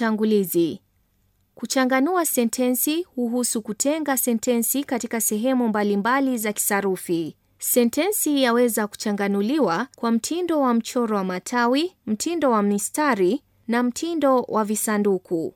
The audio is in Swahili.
Utangulizi. Kuchanganua sentensi huhusu kutenga sentensi katika sehemu mbalimbali za kisarufi. Sentensi yaweza kuchanganuliwa kwa mtindo wa mchoro wa matawi, mtindo wa mistari na mtindo wa visanduku.